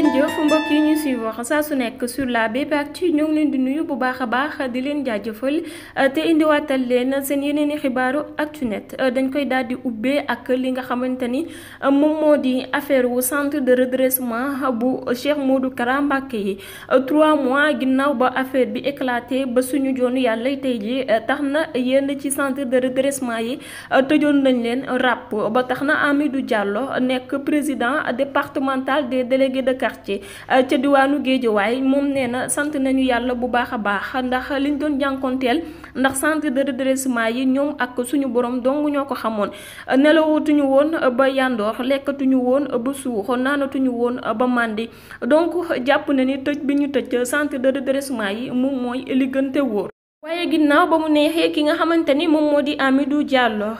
ngeen jërëjëf mbokk yi ñu suy wax saa su nekk sur la BP Actu ñoo ngi leen di nuyu bu baax a baax di leen jaajëfal euh, te indiwaatal leen seen yeneen i xibaaru Actu Net euh, dañ koy daal di ubbee ak li nga xamante ni euh, moom moo di affaire wu centre de redressement bu Cheikh Modou Kara Mbacké yi trois mois ginnaaw ba affaire bi éclaté ba suñu joonu yàlla tey ji tax na yenn ci centre de redressement yi tëjoon nañ leen ràpp ba tax na du jàlloo nekk président départemental des délégués de quartier ci euh, ca diwaanu Géejawaay moom nee na sant nañu yàlla bu baax a baax ndax liñ doon jànkonteel ndax centre de redressement yi ñoom ak suñu borom dong ñoo ko xamoon nelawatuñu woon ba yàndoor lekkatuñu woon ba suux naanatuñu woon ba màndi donc jàpp na ni tëj bi ñu tëj centre de redressement yi moom mooy li gën te wóor waaye ginnaaw ba mu neexee ki nga xamante ni moom moo di Amidou Diallo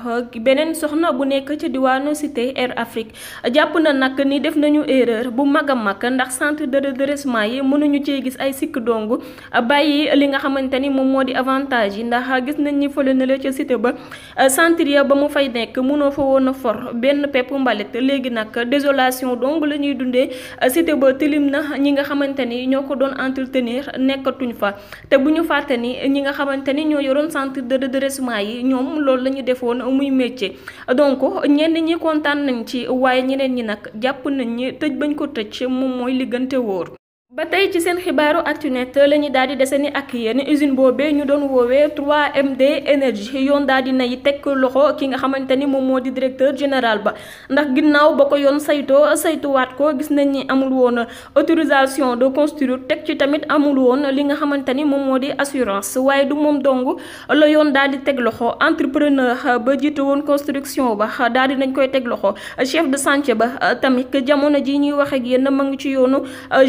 beneen soxna bu nekk ca diwaanu Cité Air Afrique jàpp na nag ni def nañu erreur bu mag a mag ndax centre de redressement yi mënuñu cee gis ay sikk dong bàyyi li nga xamante ni moom moo di avantage yi ndax gis nañ ni fële na ca cité ba centre ya ba mu fay nekk mënoo fa woon a for benn pepp mbalit léegi nag désolation dong la ñuy dundee cité ba tilim na ñi nga xamante ni ñoo ko doon entretenir nekkatuñ fa nga xamante ni ñoo yoroon centre de redressement yi ñoom loolu la ñu defoon muy métier donc ñenn ñi kontaan nañ ci waaye ñeneen ñi nag jàpp nañ ñi tëj bañ ko tëj moom mooy liggante gën ba tey ci seen xibaaru actunet la ñu daal di deseni ak yéen usine boobee ñu doon woowee 3MD énergie yoon daal di nay teg loxo ki nga xamante ni moom moo di directeur général ba ndax ginnaaw ba ko yoon saytoo saytuwaat ko gis nañ ni amul woon autorisation de construire teg ci tamit amul woon li nga xamante ni moom moo di assurance waaye du moom dong la yoon daal di teg loxo entrepreneur ba jiite woon construction ba daal di nañ koy teg loxo chef de chantier ba tamit jamono ji ñuy wax ak yéen ma ngi ci yoonu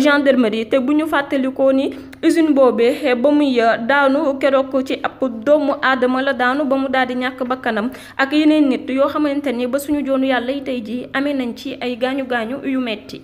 gendarmerie. yi te bu ñu fàttalikoo ni usine boobee ba muy euh, daanu keroog ci ab doomu aadama la daanu ba mu daal di ñàkk kanam ak yeneen nit yoo xamante ni ba suñu joonu yàlla tey jii amee nañ ci ay gaañu gaañu yu metti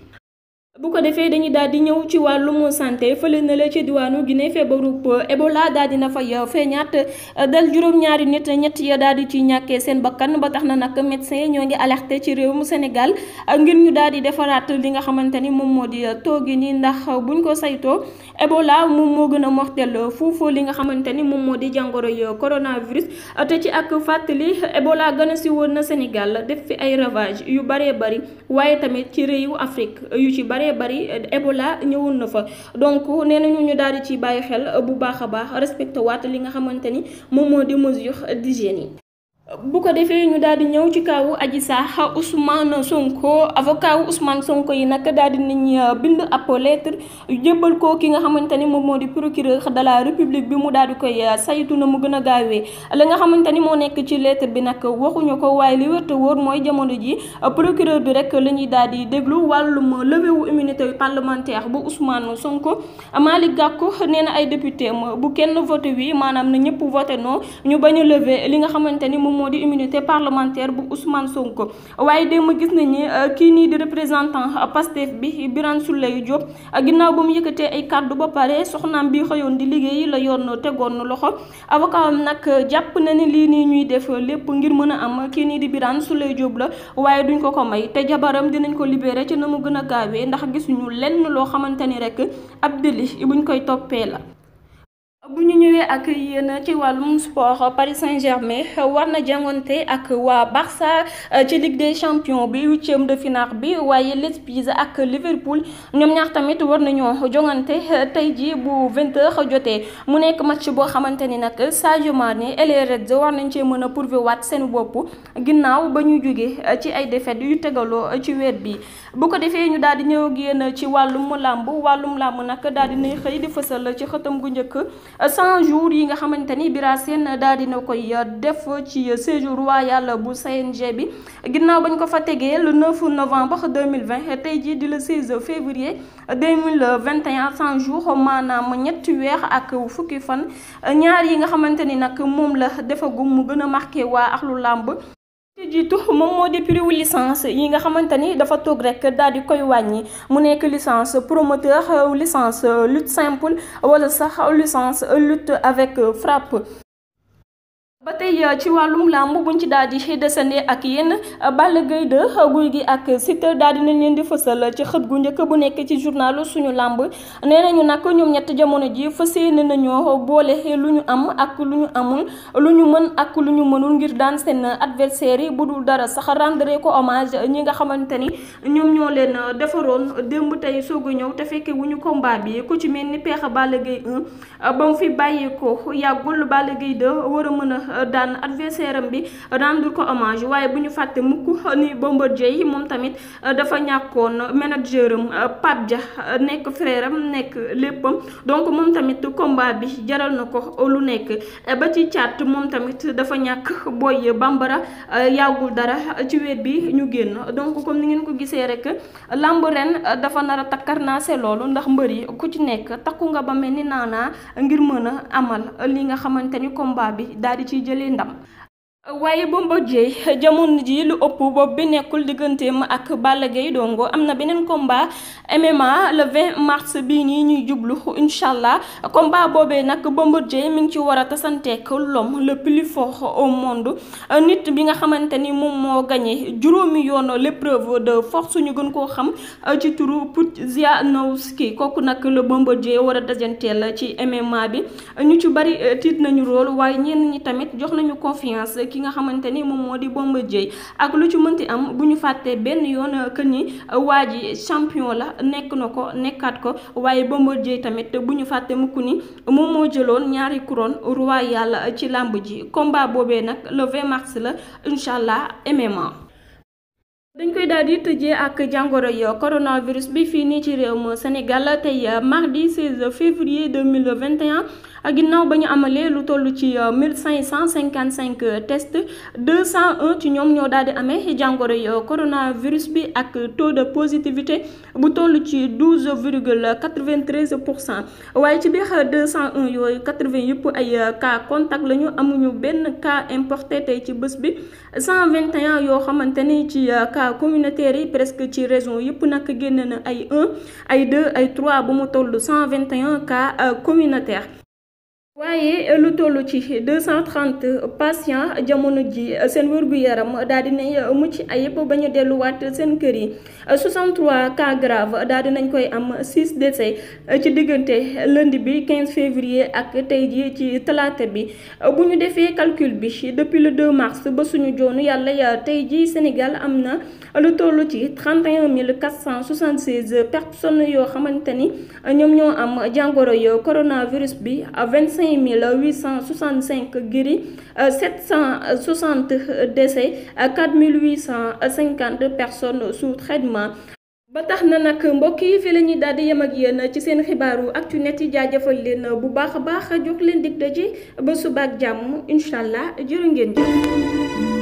bu ko defee dañuy daal di ñëw ci wàllum santé fële na la ci diwaanu Guinée feebaru euh, Ebola daal di na fay euh, feeñaat euh, dal juróom-ñaari nit ñett ya daal di ci ñàkkee seen bakkan ba tax na nag médecin ñoo ngi alerté ci réew mu Sénégal ngir ñu daal di defaraat li nga xamante ni moom moo di toogi nii ndax buñ ko saytoo Ebola moom moo gën a mortel foofu li nga xamante ni moom moo di jàngoro coronavirus te ci ak fàttali Ebola gën a si woon na Sénégal def fi ay ravage yu baree bari waaye tamit ci réewu Afrique yu ci bare bare bari Ebola ñëwul na fa donc nee nañu ñu daal di ci bàyyi xel bu baax a baax respecté waat li nga xamante ni moom moo di mesure d'hygiène yi bu ko defee ñu daal di ñëw ci kawu Adji Sarr Ousmane Sonko avocat wu Ousmane Sonko yi nag daal di nañ euh, bind ab lettre jébbal ko ki nga xamante ni moom moo di procureur de république bi mu daal di koy euh, saytu na mu gën a gaawee la nga xamante ni moo nekk ci lettre bi nag waxuñu ko waaye li wér te mooy jamono ji euh, procureur bi rek la ñuy daal di déglu wàllum levée wu immunité parlementaire bu Ousmane Sonko Malick Gakou nee na ay député bu kenn voté wi a lever li moo di immunité parlementaire bu Ousmane Sonko waaye démb gis nañ ni euh, kii nii di représentant Pastef bi Birane Souleye Diop euh, ginnaaw ba mu yëkkatee ay kàddu ba pare soxnaam bi xëyoon di liggéey la yoon tegoon loxo avocat nag euh, jàpp na ne lii nii ñuy def lépp ngir mën a am kii nii di Birane Souleye Diop la waaye duñ ko ko may te jabaram dinañ ko libéré ci na mu gën a gaawee ndax gisuñu lenn loo xamante ni rek ab délit buñ koy toppee la bu ñu ñëwee ak yéen ci wàllum sport Paris Saint-Germain war na jàngonte ak waa Barça euh, ci Ligue des champions bi huitième de finale bi waaye les Pisa ak Liverpool ñoom ñax tamit war nañoo jongante euh, tey ji bu vingteur heures jotee mu nekk match boo xamante ni nag Sadio Mané et les Reds war nañ cee mën a prouver waat seen bopp ginnaaw ba ñu jóge euh, ci ay défaites yu tegaloo ci weer bi bu ko defee ñu daal di ñëw ak yéen ci wàllum làmb wàllum làmb nag daal di nay xëy di fësal ci xëtam gu njëkk. 100 jours yi nga xamante ni seen Sène daal dina koy def ci séjour royal bu CNG bi ginnaaw bañ ko fa tegee le 9 novembre 2020 tey jii di le 16 février 2021 100 jours maanaam ñetti weex ak fukki fan ñaar yi nga xamante ni nag moom la defagum mu gën a marqué waa axlu làmb ci jiitu moom moo di prix wu licence yi nga xamante ni dafa toog rek daal di koy wàññi mu nekk licence promoteur licence lutte simple wala sax licence lutte avec frappe ba tey uh, ci wàllum làmb buñ ci daal di desande ak yenn uh, Balla Gaye 2 uh, guy gi ak Siteu daal di leen di fësal ci xët gu njëkk bu nekk ci journalu suñu làmb nee ñu nag ñoom ñett jamono ji fas yéene nañoo boole lu ñu am ak lu ñu amul lu ñu mën ak lu ñu mënul ngir daan seen adversaire yi bu dul dara sax rendre ko hommage ñi nga xamante ni ñoom ñoo leen defaroon démb tey soog a ñëw te fekke wu ñu combat bi ku ci mel ni peex Balla Gaye 1 ba mu fi bàyyi ko yàggul Balla Gaye war a mën a daan adversaire am bi rendre ko hommage waaye bu ñu fàttee mukk ni Bombardier moom tamit dafa ñàkkoon manager am Pape Dia nekk frère am nekk léppam donc moom tamit combat bi jaral na ko lu nekk ba ci caat moom tamit dafa ñàkk booy bambara yàggul dara ci wéet bi ñu génn donc comme ni ngeen ko gisee rek làmb ren dafa nara a takkar naa se loolu ndax mbër yi ku ci nekk takku nga ba mel ni naanaa ngir mën a amal li nga xamante ni combat bi daal ci ciy jëlee ndam waaye Bombardier jamono ji lu ëpp bopp bi nekkul digganteem ak Balla Gaye dongo am na beneen combat MMA le 20 bi bii nii ñuy jublu incha allah combat boobee nag Bombardier mi ngi ci war a tasanteek lom le plus fort au monde nit bi nga xamante ni moom moo gañe juróomi yoon l'épreuve de force suñu gën koo xam ci turu Pudzianowski kooku nag le Bombardier war a dajanteel ci MMA bi ñu ci bari tiit nañu rôle waaye ñenn ñi tamit jox nañu confiance. ki nga xamante ni moom moo di Bombardier ak lu ci mënti am bu ñu fàttee benn yoon euh, que ni euh, waa ji champion la nekk na ko nekkaat ko waaye Bombardier tamit bu ñu fàttee mukk ni moom moo jëloon ñaari couronne yàlla ci làmb ji combat boobee nag le 20 mars la incha allah dañ koy daal di tëjee ak jàngoro yo coronavirus bi fii nii ci réew mu Sénégal tey euh, mardi 16 février ak ginnaaw ba ñu amalee lu toll ci 1555 euh, test 201 ci ñoom ñoo daal di amee jàngoro yo coronavirus bi ak taux de positivité bu toll ci 12 virgule 93 pour cent waaye ci biir 201 euh, yooyu 80 yëpp ay cas contact la ñu amuñu benn cas importé tey ci bés bi 121 yoo xamante ni ci cas communautaire yi presque ci région yëpp nag génn na ay 1 ay 2 ay trois bu mu toll 121 cas euh, communautaire waaye lu tollu ci 230 patients jamono ji seen wér-gu-yaram daal di nañ mucc ayib ba ñu delluwaat seen kër yi 63 cas grave daal di nañ koy am 6 décès ci diggante lënd bi 15 février ak tey ji ci talaata bi bu ñu defee calcul bi depuis le 2 mars ba suñu joonu yàlla ya tey ji Sénégal am na lu toll ci 31 476 personnes yoo xamante ni ñoom ñoo am jàngoro yo coronavirus bi 25. cinq mille huit cent soixante cinq guéris euh, sept cent soixante euh, mille huit cent cinquante personnes sous traitement. ba tax na nag mbokk yi fii la ñuy daal di yem ak yéen ci seen xibaaru Actunet yi jaajëfal leen bu baax a baax jox leen dig daje ba suba ak jàmm incha allah jërë ngeen jëf.